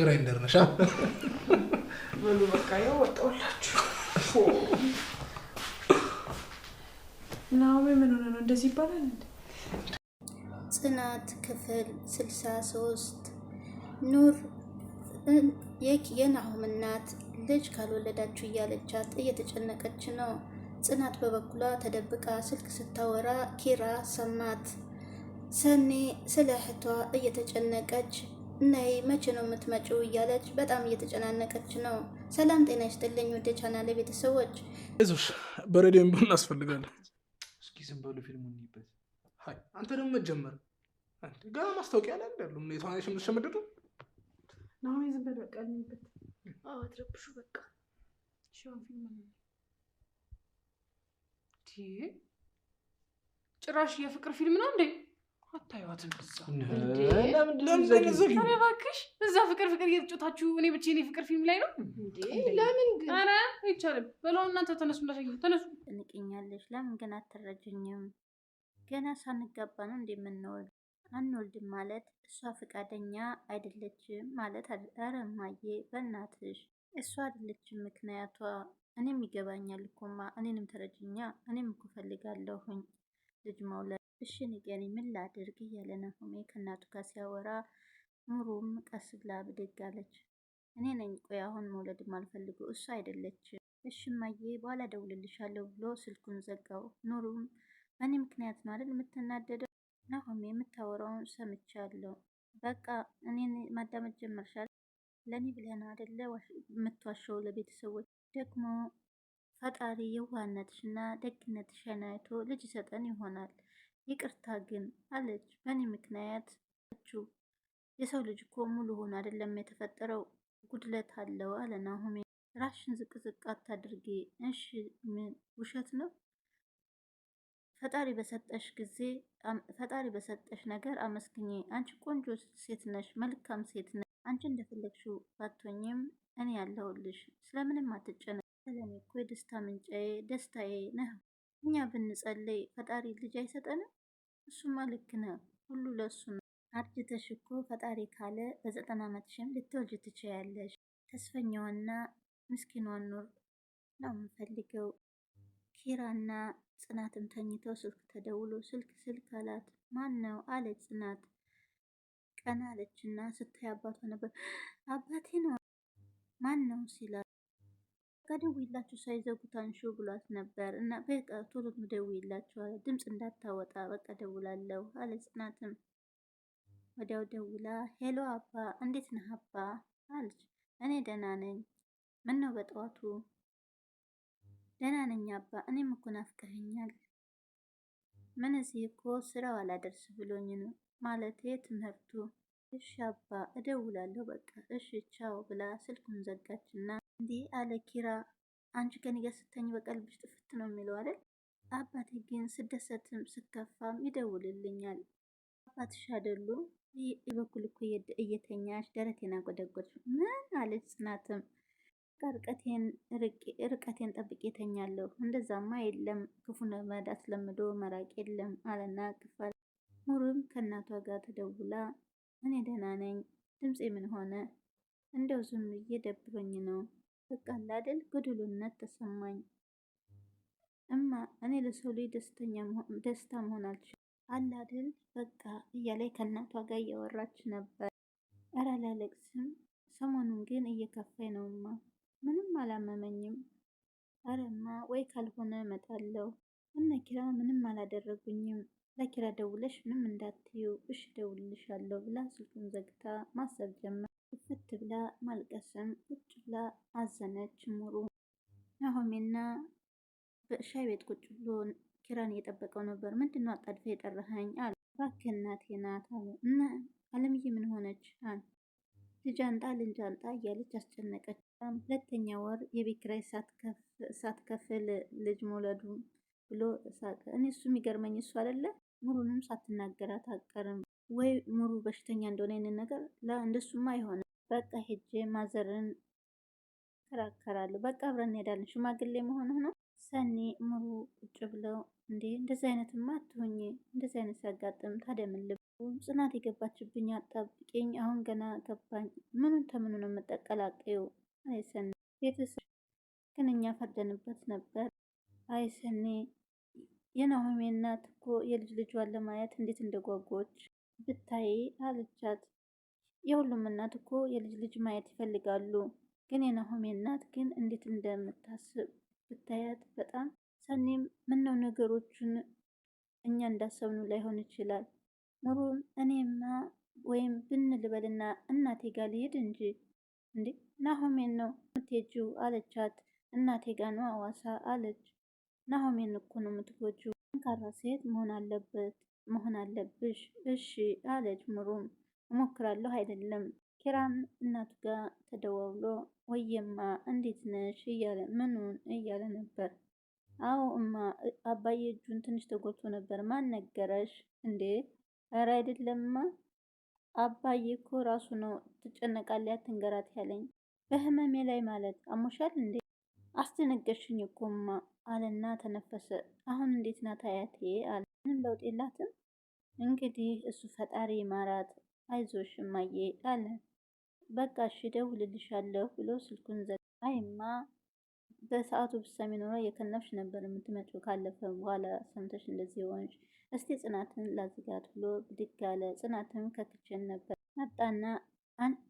ግራይንደር ነሽ። በሉ በቃ ያው ወጣሁላችሁ። ምን ሆነ ነው እንደዚህ ይባላል? ጽናት ክፍል ስልሳ ሶስት ኑር የናሁም እናት ልጅ ካልወለዳችሁ እያለቻት እየተጨነቀች ነው። ጽናት በበኩሏ ተደብቃ ስልክ ስታወራ ኪራ ሰማት። ሰኔ ስለ እህቷ እየተጨነቀች ነይ መቼ ነው የምትመጪው? እያለች በጣም እየተጨናነቀች ነው። ሰላም ጤና ይስጥልኝ ወደ ቻናል ቤተሰቦች ዞሽ በሬዲዮ ብሆን እናስፈልጋለን። እስኪ ዝም በሉ ፊልሙ እንይበት። አንተ ደግሞ መጀመር ገና ማስታወቂያ ላይ እንዳሉ የተዋናሽ ናሁን ዝም በል በቃ እንይበት። አትረብሹ በቃ ጭራሽ የፍቅር ፊልም ነው እንዴ? አታዩዋትም? እባክሽ እዛ ፍቅር ፍቅር እየተጫወታችሁ እኔ ብቻዬን የፍቅር ፊልም ላይ ነው። ለምን ግን ኧረ አይቻልም። በለው እናንተ ተነሱ፣ ተነሱ። ለምን ግን አትረጅኝም? ገና ሳንጋባ ነው እንደምንወልድ አንወልድም ማለት እሷ ፈቃደኛ አይደለችም ማለት። ኧረ እማዬ በእናትሽ እሷ አይደለችም ምክንያቷ። እኔም ይገባኛል እኮማ። እኔንም ተረጅኛ። እኔም እኮ ፈልጋለሁኝ ልጅ መውለድ እሺ ንገሪ ምን ላድርግ እያለ ናሆሜ ከእናቱ ጋር ሲያወራ ምሩም ቀስ ብላ ብድግ አለች። እኔ ነኝ ቆይ አሁን መውለድ ማልፈልጉ እሱ አይደለች። እሽማዬ በኋላ እደውልልሻለሁ ብሎ ስልኩን ዘጋው። ኑሩም እኔ ምክንያት ነው አይደል የምትናደደው? ናሆሜ የምታወራውን ሰምቻለሁ። በቃ እኔን ማዳመጥ ጀመርሻል። ለእኔ ብለን አይደለ የምትዋሸው ለቤተሰቦች ደግሞ ፈጣሪ የዋህነትሽና ደግነትሽን አይቶ ልጅ ይሰጠን ይሆናል። ይቅርታ ግን አለች። በእኔ ምክንያት አለችው። የሰው ልጅ እኮ ሙሉ ሆኖ አይደለም የተፈጠረው፣ ጉድለት አለው አለ ናሆሜ። ራሽን ዝቅዝቅ አታድርጊ። እሺ ምን ውሸት ነው? ፈጣሪ በሰጠሽ ጊዜ ፈጣሪ በሰጠሽ ነገር አመስግኚ። አንቺ ቆንጆ ሴት ነሽ፣ መልካም ሴት ነሽ። አንቺ እንደፈለግሽው ባትሆኝም እኔ ያለሁልሽ፣ ስለምንም አትጨነቅ። ስለኔ እኮ የደስታ ምንጫዬ ደስታዬ ነህ እኛ ብንጸለይ ፈጣሪ ልጅ አይሰጠንም? እሱማ ልክ ነው፣ ሁሉ ለሱ ነው። አርጅተሽ እኮ ፈጣሪ ካለ በዘጠና ዓመትሽም ልትወልጅ ትችያለሽ። ተስፈኛዋና ምስኪኗን ኑር ነው የምፈልገው። ኪራና ጽናትም ተኝተው ስልክ ተደውሎ ስልክ ስልክ አላት። ማን ነው አለች ጽናት። ቀና አለችና ስታይ አባቷ ነበር። አባቴ ነው። ማን ነው ሲላ ከደውይላችሁ ሳይዘጉት አንሹ ብሏት ነበር እና በቃ ቶሎ ደውይላችኋል፣ ድምፅ እንዳታወጣ በቃ ደውላለሁ አለ ጽናትም። ወዲያው ደውላ ሄሎ አባ እንዴት ነህ አባ አለች። እኔ ደህና ነኝ። ምን ነው በጠዋቱ? ደህና ነኝ አባ። እኔም እኮ ናፍቀኸኛል። ምን እዚህ እኮ ስራው አላደርስ ብሎኝ ነው ማለቴ ትምህርቱ። እሺ አባ እደውላለሁ በቃ እሺ ቻው ብላ ስልኩን ዘጋችና እንዴ አለ ኪራ። አንቺ ከኔ ጋር ስተኝ በቀልብሽ ጥፍት ነው የሚለው አይደል? አባቴ ግን ስደሰትም ስከፋም ይደውልልኛል። አባትሽ አይደሉ? በኩል እኮ እየተኛች ደረቴን አጎደጎች ምን አለች ጽናትም ርቀቴን ጠብቄ የተኛለሁ። እንደዛማ የለም ክፉ ልማድ ለምዶ መራቅ የለም አለና ክፋል ሙሩም ከእናቷ ጋር ተደውላ እኔ ደህና ነኝ፣ ድምፄ ምን ሆነ? እንደው ዝም ነው በቃ እንዳደል ተሰማኝ። እማ እኔ ለሰው ልጅ ደስተኛ ደስታ መሆን አልችል አላድል በቃ እያላይ ከእናቷ ጋር እያወራች ነበር። እረ ላለቅስም፣ ሰሞኑን ግን እየከፋኝ ነውማ፣ ምንም አላመመኝም። አረማ ወይ ካልሆነ እመጣለሁ። እነ ኪራ ምንም አላደረጉኝም። ለኪራ ደውለሽ ምንም እንዳትዩ እሽ፣ ደውልሻለሁ ብላ ስልኩን ዘግታ ማሰብ ጀመር። ፍት ብላ ማልቀስም ቁጭ ብላ አዘነች። ሙሩ ናሆሜና በሻይ ቤት ቁጭ ብሎ ኪራን እየጠበቀው ነበር። ምንድነው አጣድፈ የጠራኸኝ? አለ እባክህ እናቴ ናት አለ እና አለምዬ ምን ሆነች? አን ልጃንጣ ልንጃንጣ እያለች አስጨነቀች። ሁለተኛ ወር የቤት ኪራይ ሳትከፍል ልጅ መውለዱ ብሎ ሳቀ። እኔ እሱ የሚገርመኝ እሱ አይደለ ሙሩንም ሳትናገራት አትቀርም ወይ ሙሩ በሽተኛ እንደሆነ ይህንን ነገር እንደሱማ አይሆንም በቃ ሄጄ ማዘርን ከራከራለሁ። በቃ አብረን እንሄዳለን። ሽማግሌ መሆኑ ነው። ሰኒ ምሩ ቁጭ ብለው እንዴ እንደዚህ አይነትማ አትሆኝ፣ እንደዚህ አይነት ሲያጋጥም ታዲያ ምን ጽናት የገባችብኝ አጣብቂኝ፣ አሁን ገና ገባኝ። ምኑን ተምኑ ነው የምጠቀላቀየው? አይ ሰኒ ቤተሰብ ግን እኛ ፈርደንበት ነበር። አይ ሰኒ የናሆሜ እናት እኮ የልጅ ልጇን ለማየት እንዴት እንደጓጓች ብታይ አለቻት። የሁሉም እናት እኮ የልጅ ልጅ ማየት ይፈልጋሉ። ግን የናሆሜ እናት ግን እንዴት እንደምታስብ ብታያት በጣም ሰኔም ምነው ነገሮቹን እኛ እንዳሰብኑ ላይሆን ይችላል። ኑሩም እኔማ ወይም ብንልበልና እናቴ ጋር ልሄድ እንጂ እንዴ ናሆሜን ነው የምትሄጂው አለቻት። እናቴ ጋር ነው አዋሳ አለች። ናሆሜን እኮ ነው የምትጎጂው። ጠንካራ ሴት መሆን አለበት መሆን አለብሽ እሺ አለች ምሩም እሞክራለሁ አይደለም። ኪራም እናቱ ጋር ተደዋውሎ ወየማ እንዴት ነሽ እያለ ምኑን እያለ ነበር። አዎ እማ አባዬ እጁን ትንሽ ተጎድቶ ነበር። ማን ነገረሽ እንዴ? እረ አይደለምማ አባዬ እኮ ራሱ ነው ትጨነቃለህ፣ አትንገራት ያለኝ በህመሜ ላይ ማለት አሞሻል እንዴ? አስደነገሽኝ እኮማ አለና ተነፈሰ። አሁን እንዴት ናት አያቴ አለ። ምንም ለውጥ የላትም እንግዲህ እሱ ፈጣሪ ማራት አይዞሽ እማዬ አለ። በቃ እሺ እደውልልሻለሁ ብሎ ስልኩን ዘ አይማ በሰዓቱ ብሰሚ ኖሮ የከነፍሽ ነበር የምትመጪው ካለፈ በኋላ ሰምተሽ እንደዚህ ሆንሽ። እስቲ ጽናትን ላዝጋት ብሎ ብድግ አለ። ጽናትም ከክችን ነበር መጣና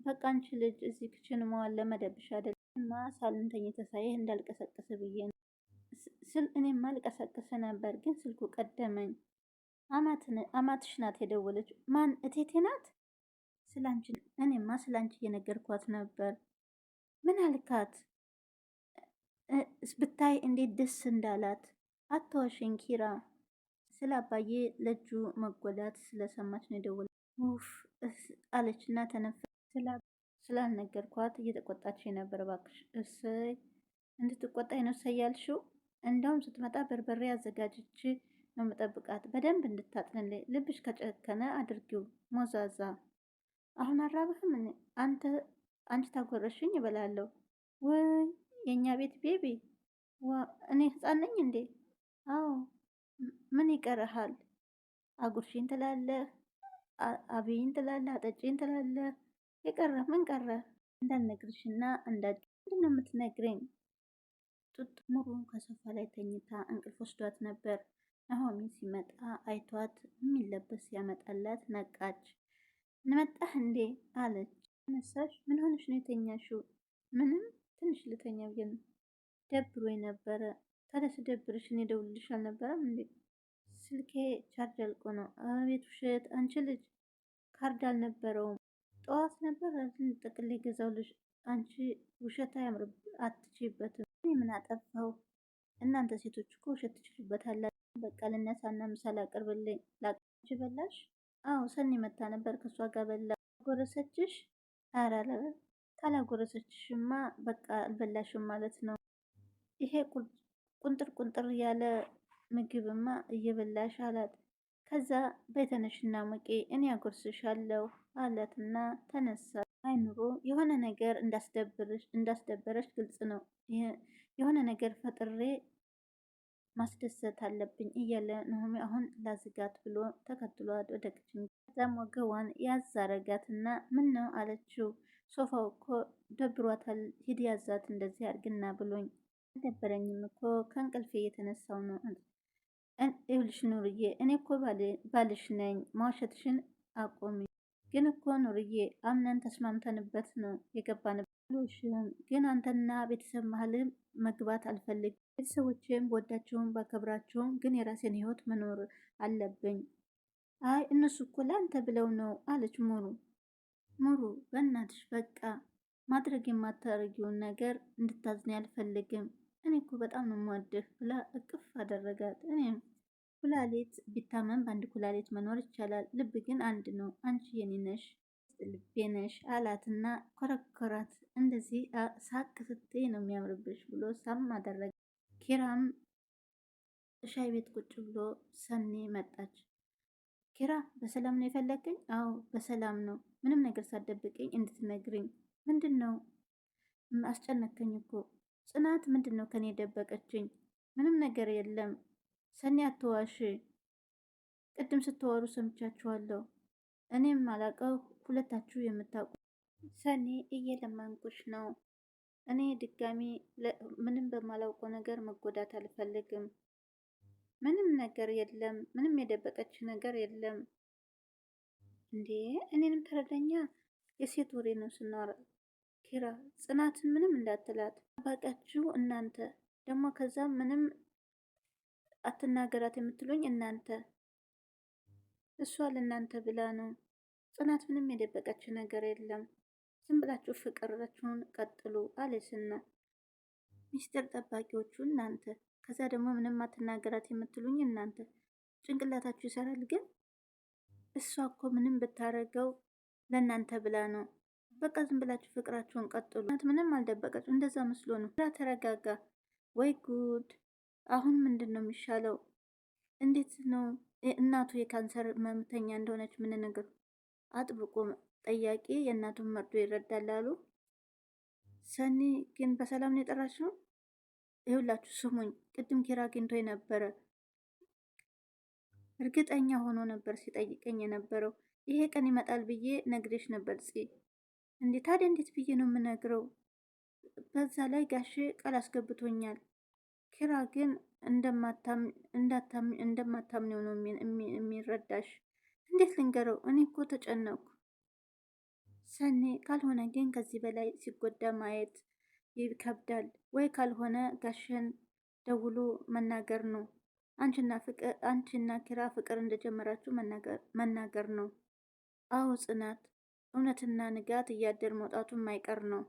በቃ አንቺ ልጅ እዚህ ክችን መዋል ለመደብሽ አይደል እማ ሳሎን ሳይህ እንዳልቀሰቀስ ብዬ ስል እኔማ ልቀሰቅስ ነበር ግን ስልኩ ቀደመኝ። አማትሽ ናት የደወለች። ማን እቴቴ ናት? ስላንቺ እኔማ ስላንቺ እየነገርኳት ነበር። ምን አልካት? ብታይ እንዴት ደስ እንዳላት። አታዋሽኝ ኪራ። ስለ አባዬ ለእጁ መጎዳት ስለሰማች ነው የደወለ ውፍ አለችና ተነፈ ስላልነገርኳት እየተቆጣች ነበር። እባክሽ እሰይ እንድትቆጣ ነው ሰያልሽው። እንደውም ስትመጣ በርበሬ አዘጋጅች ነው መጠብቃት። በደንብ እንድታጥንልኝ ልብሽ ከጨከነ አድርጊው ሞዛዛ አሁን አራብህም አንተ አንቺ ታጎረሽኝ እበላለሁ። ወይ የእኛ ቤት ቤቢ፣ እኔ ህፃን ነኝ እንዴ? አዎ ምን ይቀርሃል? አጉርሽኝ ትላለህ፣ አብይኝ ትላለህ፣ አጠጪኝ ትላለህ። የቀረህ ምን ቀረህ? እንዳልነግርሽና እንዳጭ ምንድነው የምትነግረኝ? ጡጥ ሙሩ ከሶፋ ላይ ተኝታ እንቅልፍ ወስዷት ነበር። ናሆሚ ሲመጣ አይቷት የሚለበስ ያመጣላት ነቃች። መጣህ እንዴ አለች። ተነሳሽ? ምን ሆነሽ ነው የተኛሽው? ምንም ትንሽ ልተኛ ብዬ ነው ደብሮኝ ነበረ። ታዲያ ስደብርሽ እኔ ደውልልሽ አልነበረም እንዴ? ስልኬ ቻርጅ አልቆ ነው። አቤት ውሸት! አንቺ ልጅ ካርድ አልነበረውም። ጠዋት ነበር ጥቅል ልጅ አንቺ ውሸት አያምርብ፣ አትችይበትም። እኔ ምን አጠፋው? እናንተ ሴቶች እኮ ውሸት ትችሉበታላችሁ። በቃ ልነሳና ምሳ ላቅርብልኝ። ላቅርብልሽ በላሽ አዎ ሰኒ መታ ነበር ከእሷ ጋር በላ ጎረሰችሽ? ኧረ ካላጎረሰችሽማ በቃ አልበላሽም ማለት ነው። ይሄ ቁንጥር ቁንጥር ያለ ምግብማ እየበላሽ አላት። ከዛ በተነሽና ሙቂ እኔ አጎርስሻለሁ አላትና ተነሳ። አይኑሮ የሆነ ነገር እንዳስደበረች ግልጽ ነው። የሆነ ነገር ፈጥሬ ማስደሰት አለብኝ እያለ ናሆሚ አሁን ላዝጋት ብሎ ተከትሏት ወደ ክችን ከዛም ወገቧን ያዝ ምን ነው አለችው። ሶፋው እኮ ደብሯታል፣ ሂድ ያዛት እንደዚህ አድርግና ብሎኝ አልደበረኝም እኮ ከእንቅልፌ የተነሳው ነው። ይኸውልሽ ኑርዬ፣ እኔ እኮ ባልሽ ነኝ፣ ማውሸትሽን አቆሚ። ግን እኮ ኑርዬ፣ አምነን ተስማምተንበት ነው የገባንበት ግን አንተና ቤተሰብ መሀልም መግባት አልፈልግም። ቤተሰቦቼም ወዳቸውም ባከብራቸውም ግን የራሴን ህይወት መኖር አለብኝ። አይ እነሱ እኮ ለአንተ ብለው ነው አለች ሙሩ። ሙሩ በእናትሽ በቃ ማድረግ የማታደርጊውን ነገር እንድታዝኝ አልፈልግም። እኔ እኮ በጣም ነው የምወድህ ብላ እቅፍ አደረጋት። እኔም ኩላሊት ቢታመም በአንድ ኩላሊት መኖር ይቻላል፣ ልብ ግን አንድ ነው። አንቺ የኔ ነሽ ልቤ ነሽ አላትና ኮረኮራት። እንደዚህ ሳቅ ስትይ ነው የሚያምርብሽ ብሎ ሳም አደረገ። ኪራም ሻይ ቤት ቁጭ ብሎ ሰኒ መጣች። ኪራ በሰላም ነው የፈለግኝ? አዎ በሰላም ነው። ምንም ነገር ሳደብቅኝ እንድትነግርኝ። ምንድን ነው አስጨነከኝ እኮ ጽናት። ምንድን ነው ከኔ ደበቀችኝ? ምንም ነገር የለም ሰኒ አትዋሽ። ቅድም ስትወሩ ሰምቻችኋለሁ። እኔም አላቀው ሁለታችሁ የምታውቁ ሰኔ እየለመንኩሽ ነው። እኔ ድጋሚ ምንም በማላውቀው ነገር መጎዳት አልፈልግም። ምንም ነገር የለም። ምንም የደበቀች ነገር የለም። እንዴ እኔንም ተረዳኛ። የሴት ወሬ ነው ስናወራ። ኪራ ጽናትን ምንም እንዳትላት አባቃችሁ እናንተ ደግሞ ከዛ ምንም አትናገራት የምትሉኝ እናንተ። እሷ ለእናንተ ብላ ነው ጽናት ምንም የደበቀችው ነገር የለም። ዝም ብላችሁ ፍቅራችሁን ቀጥሉ አለችና ሚስጥር ጠባቂዎቹ እናንተ፣ ከዛ ደግሞ ምንም አትናገራት የምትሉኝ እናንተ፣ ጭንቅላታችሁ ይሰራል። ግን እሷ እኮ ምንም ብታረገው ለእናንተ ብላ ነው። በቃ ዝም ብላችሁ ፍቅራችሁን ቀጥሉ። ጽናት ምንም አልደበቀችው፣ እንደዛ መስሎ ነው። ተረጋጋ። ወይ ጉድ! አሁን ምንድን ነው የሚሻለው? እንዴት ነው እናቱ የካንሰር ህመምተኛ እንደሆነች ምን ነገር አጥብቆ ጠያቂ የእናቱን መርዶ ይረዳል አሉ። ሰኒ ግን በሰላም ነው የጠራችው። ይሁላችሁ ስሙኝ፣ ቅድም ኪራ አግኝቶ የነበረ እርግጠኛ ሆኖ ነበር ሲጠይቀኝ የነበረው። ይሄ ቀን ይመጣል ብዬ ነግሬሽ ነበር ጽ እንዴ ታዲያ እንዴት ብዬ ነው የምነግረው? በዛ ላይ ጋሼ ቃል አስገብቶኛል። ኪራ ግን እንደማታምኔው ነው የሚረዳሽ እንዴት ልንገረው? እኔ እኮ ተጨነቅኩ። ሰኔ ካልሆነ ግን ከዚህ በላይ ሲጎዳ ማየት ይከብዳል። ወይ ካልሆነ ጋሽን ደውሎ መናገር ነው። አንቺና ኪራ ፍቅር እንደጀመራችሁ መናገር ነው። አዎ ጽናት፣ እውነትና ንጋት እያደር መውጣቱ የማይቀር ነው።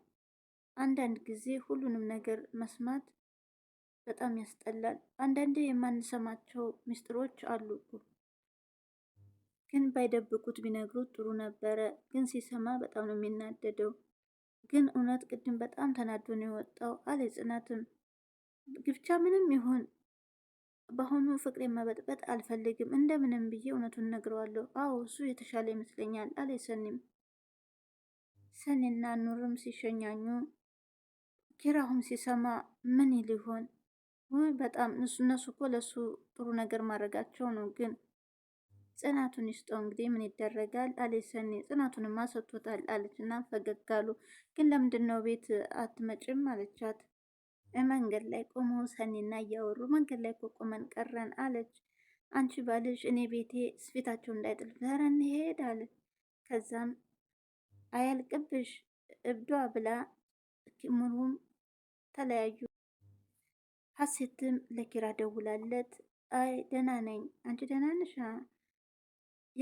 አንዳንድ ጊዜ ሁሉንም ነገር መስማት በጣም ያስጠላል። አንዳንዴ የማንሰማቸው ምስጢሮች አሉ። ግን ባይደብቁት ቢነግሩት ጥሩ ነበረ። ግን ሲሰማ በጣም ነው የሚናደደው። ግን እውነት ቅድም በጣም ተናዶ ነው የወጣው አለ ጽናትም ግብቻ ምንም ይሁን በአሁኑ ፍቅሬ መበጥበጥ አልፈልግም። እንደምንም ብዬ እውነቱን ነግረዋለሁ። አዎ እሱ የተሻለ ይመስለኛል አለ ሰኒም። ሰኒና ኑርም ሲሸኛኙ ኪራሁም ሲሰማ ምን ይል ይሆን? በጣም እነሱ እኮ ለሱ ጥሩ ነገር ማድረጋቸው ነው ግን ጽናቱን ይስጠው። እንግዲህ ምን ይደረጋል አለች ሰኒ ጽናቱንማ ሰጥቶታል አለች እና ፈገግ አሉ። ግን ለምንድን ነው ቤት አትመጭም አለቻት። መንገድ ላይ ቆመው ሰኒና እያወሩ መንገድ ላይ እኮ ቆመን ቀረን አለች። አንቺ ባልሽ እኔ ቤቴ ስፊታቸውን እንዳይጥል ብረን ሄድ አለ። ከዛም አያልቅብሽ እብዷ ብላ ሙሉም ተለያዩ። ሀሴትም ለኪራ ደውላለት አይ ደህና ነኝ አንቺ ደህና ነሽ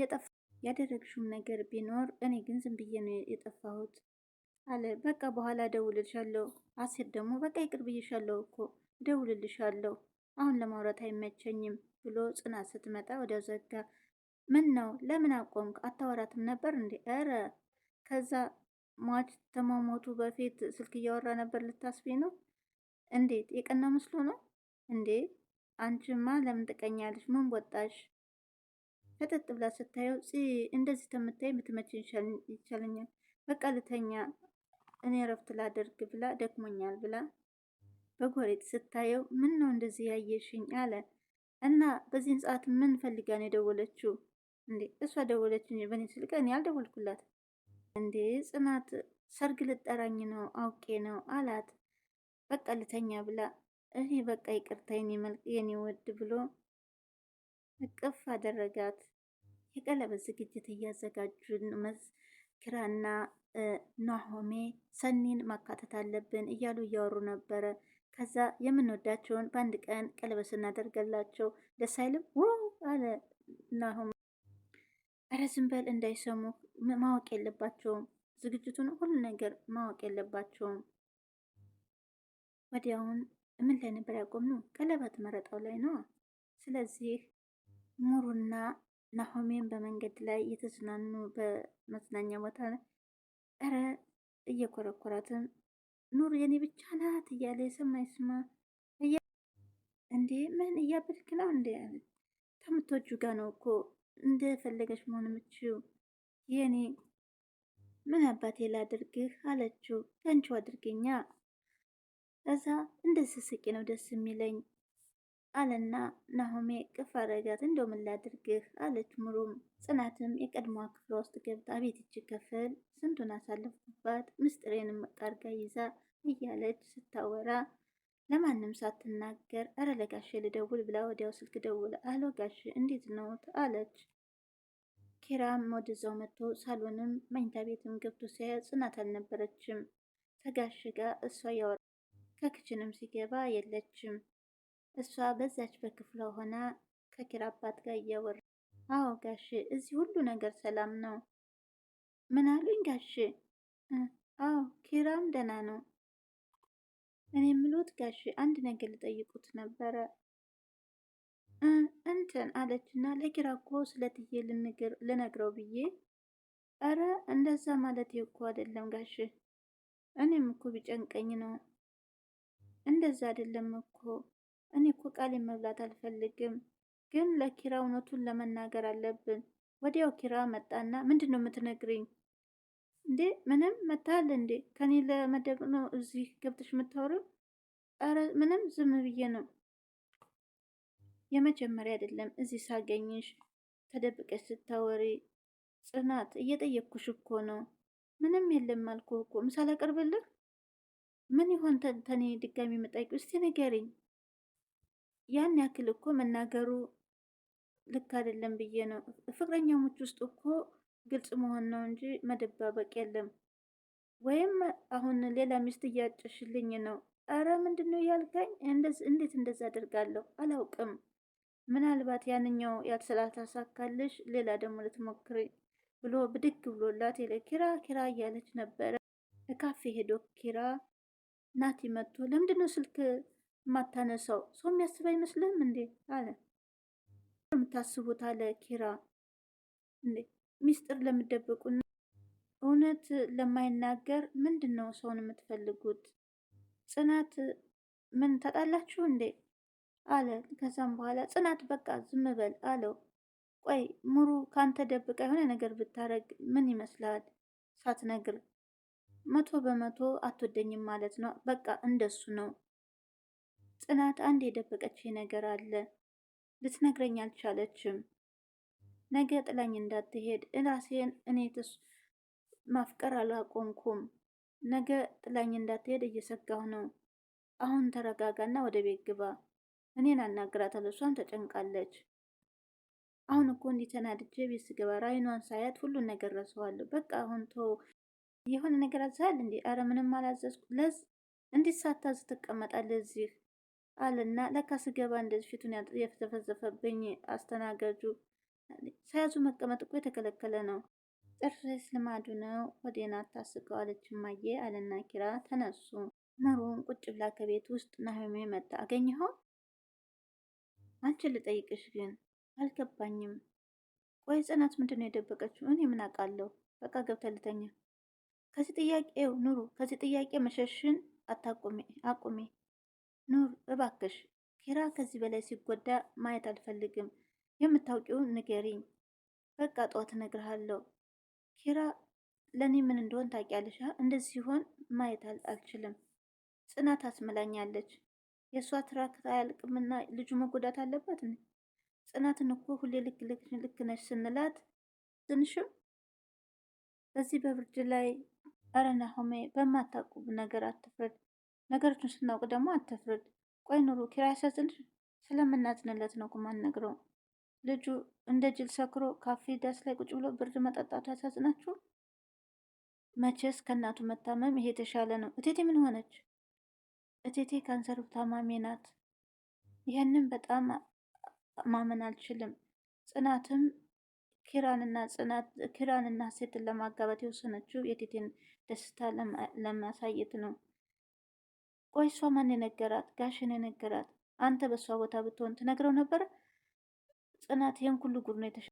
የጠፋ ያደረግሽውም ነገር ቢኖር እኔ ግን ዝም ብዬ ነው የጠፋሁት አለ። በቃ በኋላ ደውልልሻለሁ። አሴር ደግሞ በቃ ይቅር ብዬሻለሁ እኮ አለው አሁን ለማውራት አይመቸኝም ብሎ ጽናት ስትመጣ ወዲያው ዘጋ። ምን ነው ለምን አቆምክ? አታወራትም ነበር እንዴ? ኧረ ከዛ ሟች ተማሞቱ በፊት ስልክ እያወራ ነበር። ልታስቢ ነው? እንዴት የቀና መስሎ ነው እንዴ? አንቺማ ለምን ትቀኛለሽ? ምን ወጣሽ? ፈጠጥ ብላ ስታየው እንደዚህ ተምታይ ምትመች ይቻለኛል፣ በቃ ልተኛ እኔ ረፍት ላደርግ ብላ ደክሞኛል ብላ በጎሬት ስታየው ምን ነው እንደዚህ ያየሽኝ አለ እና በዚህን ሰዓት ምን ፈልጋን የደወለችው? እንዴ እሷ ደወለችኝ በእኔ ስልክ እኔ አልደወልኩላት። እንዴ ጽናት ሰርግ ልጠራኝ ነው አውቄ ነው አላት። በቃ ልተኛ ብላ እኔ በቃ ይቅርታ የኔ ወድ ብሎ እቅፍ አደረጋት። የቀለበት ዝግጅት እያዘጋጁን ኪራና ናሆሜ ሰኒን ማካተት አለብን እያሉ እያወሩ ነበረ። ከዛ የምንወዳቸውን በአንድ ቀን ቀለበት ስናደርገላቸው ደስ አይልም ው አለ ናሆሜ። ኧረ ዝም በል እንዳይሰሙ ማወቅ የለባቸውም ዝግጅቱን ሁሉ ነገር ማወቅ የለባቸውም። ወዲያውን ምን ላይ ነበር ያቆምነው? ቀለበት መረጣው ላይ ነው። ስለዚህ ሙሩና ናሆሜን በመንገድ ላይ የተዝናኑ በመዝናኛ ቦታ ረ እየኮረኮራትን ኑር የኔ ብቻ ናት እያለ የሰማይ ስማ እንዴ ምን እያበድክ ነው እንዴ ከምቶቹ ጋ ነው እኮ እንደፈለገች መሆን የምችው የኔ ምን አባቴ ላድርግህ አለችው ከንቺው አድርገኛ እዛ እንደ ስስቂ ነው ደስ የሚለኝ አለና ናሆሜ ቅፍ አረጋት። እንደው ምን ላድርግህ አለች ምሩም። ጽናትም የቀድሞዋ ክፍሏ ውስጥ ገብታ ቤት ይቺ ክፍል ስንቱን አሳለፍኩባት ምስጢሬንም መቃርጋ ይዛ እያለች ስታወራ ለማንም ሳትናገር ኧረ ለጋሽ ልደውል ብላ ወዲያው ስልክ ደውል አሎ ጋሽ እንዴት ነውት አለች። ኪራም ወደዛው መጥቶ ሳሎንም መኝታ ቤትም ገብቶ ሲያ ጽናት አልነበረችም። ከጋሽ ጋር እሷ ያወራ ከክችንም ሲገባ የለችም። እሷ በዛች በክፍሏ ሆና ከኪራ አባት ጋር እያወራ አዎ ጋሽ፣ እዚህ ሁሉ ነገር ሰላም ነው። ምን አሉኝ ጋሽ? አዎ ኪራም ደህና ነው። እኔ የምሎት ጋሽ አንድ ነገር ልጠይቁት ነበረ እንትን አለችና ለኪራ እኮ ስለትዬ ልነግረው ብዬ አረ እንደዛ ማለት እኮ አይደለም ጋሽ፣ እኔም እኮ ቢጨንቀኝ ነው እንደዛ አይደለም እኮ እኔ እኮ ቃሌን መብላት አልፈልግም፣ ግን ለኪራ እውነቱን ለመናገር አለብን። ወዲያው ኪራ መጣና ምንድን ነው የምትነግርኝ? እንዴ ምንም መታል እንዴ? ከኔ ለመደብ ነው እዚህ ገብተሽ የምታወሪው? ኧረ ምንም ዝም ብዬ ነው። የመጀመሪያ አይደለም እዚህ ሳገኝሽ ተደብቀሽ ስታወሪ። ጽናት እየጠየቅኩሽ እኮ ነው። ምንም የለም አልኩህ እኮ ምሳሌ አቅርብልህ። ምን ይሆን ተኔ ድጋሚ መጠየቅ? እስቲ ንገሪኝ ያን ያክል እኮ መናገሩ ልክ አይደለም ብዬ ነው። ፍቅረኛሞች ውስጥ እኮ ግልጽ መሆን ነው እንጂ መደባበቅ የለም። ወይም አሁን ሌላ ሚስት እያጨሽልኝ ነው። እረ ምንድን ነው ያልከኝ? እንዴት እንደዛ አደርጋለሁ አላውቅም። ምናልባት ያንኛው ያልስላልተሳካልሽ ሌላ ደግሞ ልትሞክሪ ብሎ ብድግ ብሎላት ሄደ። ኪራ ኪራ እያለች ነበረ። ካፌ ሄዶ ኪራ ናቲ መጥቶ ለምንድን ነው ስልክ የማታነሳው ሰው የሚያስብ አይመስልህም እንዴ አለ። የምታስቡት አለ ኪራ። እንዴ ሚስጥር ለምደብቁና እውነት ለማይናገር ምንድን ነው ሰውን የምትፈልጉት? ጽናት ምን ታጣላችሁ እንዴ አለ። ከዛም በኋላ ጽናት በቃ ዝም በል አለው። ቆይ ሙሩ ካንተ ደብቃ የሆነ ነገር ብታረግ ምን ይመስላል? ሳትነግር መቶ በመቶ አትወደኝም ማለት ነው። በቃ እንደሱ ነው ጽናት አንድ የደበቀች ነገር አለ ልትነግረኝ አልቻለችም። ነገ ጥላኝ እንዳትሄድ እራሴን እኔ ትስ ማፍቀር አላቆምኩም። ነገ ጥላኝ እንዳትሄድ እየሰጋሁ ነው። አሁን ተረጋጋና ወደ ቤት ግባ። እኔን አናግራታለሁ። እሷም ተጨንቃለች። አሁን እኮ እንዲህ ተናድጄ ቤት ስገባ አይኗን ሳያት ሁሉን ነገር ረሰዋለሁ። በቃ አሁን ቶ የሆነ ነገር አዝሃል እንዲ? አረ ምንም አላዘዝኩ። ለዝ እንዲህ ሳታዝ ትቀመጣለህ እዚህ አለና ለካ ስገባ እንደዚህ ፊቱን የተፈዘፈብኝ አስተናጋጁ ሳያዙ መቀመጥ እኮ የተከለከለ ነው። ጥርስ ልማዱ ነው። ወዴና ታስቀው አለች አለና ኪራ ተነሱ። ምሩም ቁጭ ብላ ከቤት ውስጥ ናሆሜ መጣ። አገኘኸው? አንቺን ልጠይቅሽ ግን አልገባኝም። ቆይ ጽናት ምንድን ነው የደበቀችው? እኔ ምን አውቃለሁ? በቃ ገብታ ልተኛ። ከዚህ ጥያቄው ኑሩ፣ ከዚህ ጥያቄ መሸሽን አታቁሜ አቁሜ ኑር እባክሽ፣ ኪራ ከዚህ በላይ ሲጎዳ ማየት አልፈልግም። የምታውቂውን ንገሪኝ። በቃ ጠዋት እነግርሃለሁ። ኪራ ለእኔ ምን እንደሆን ታውቂያለሽ። እንደዚህ ሲሆን ማየት አልችልም። ጽናት አስመላኛለች። የእሷ ትራክ አያልቅምና ልጁ መጎዳት አለበት። ጽናትን እኮ ሁሌ ልክ ልክ ልክ ነሽ ስንላት ትንሽም በዚህ በብርድ ላይ እረ ሆሜ በማታውቁ ነገር አትፍረድ። ነገሮችን ስናውቅ ደግሞ አትፍርድ ቆይ ኑሩ ኪራይ ሰጥልሽ ስለምናዝንለት ነው ማንነግረው። ልጁ እንደ ጅል ሰክሮ ካፌ ዳስ ላይ ቁጭ ብሎ ብርድ መጠጣቱ ያሳዝናችሁ። መቼስ ከእናቱ መታመም ይሄ የተሻለ ነው። እቴቴ ምን ሆነች? እቴቴ ካንሰር ታማሚ ናት። ይህንም በጣም ማመን አልችልም። ጽናትም ኪራንና ጽናት ኪራንና ሴትን ለማጋባት የወሰነችው የቴቴን ደስታ ለማሳየት ነው። ቆይ እሷ ማን የነገራት? ጋሽን የነገራት አንተ በእሷ ቦታ ብትሆን ትነግረው ነበር? ጽናት ይህን ሁሉ ጉድ ነው የተሸ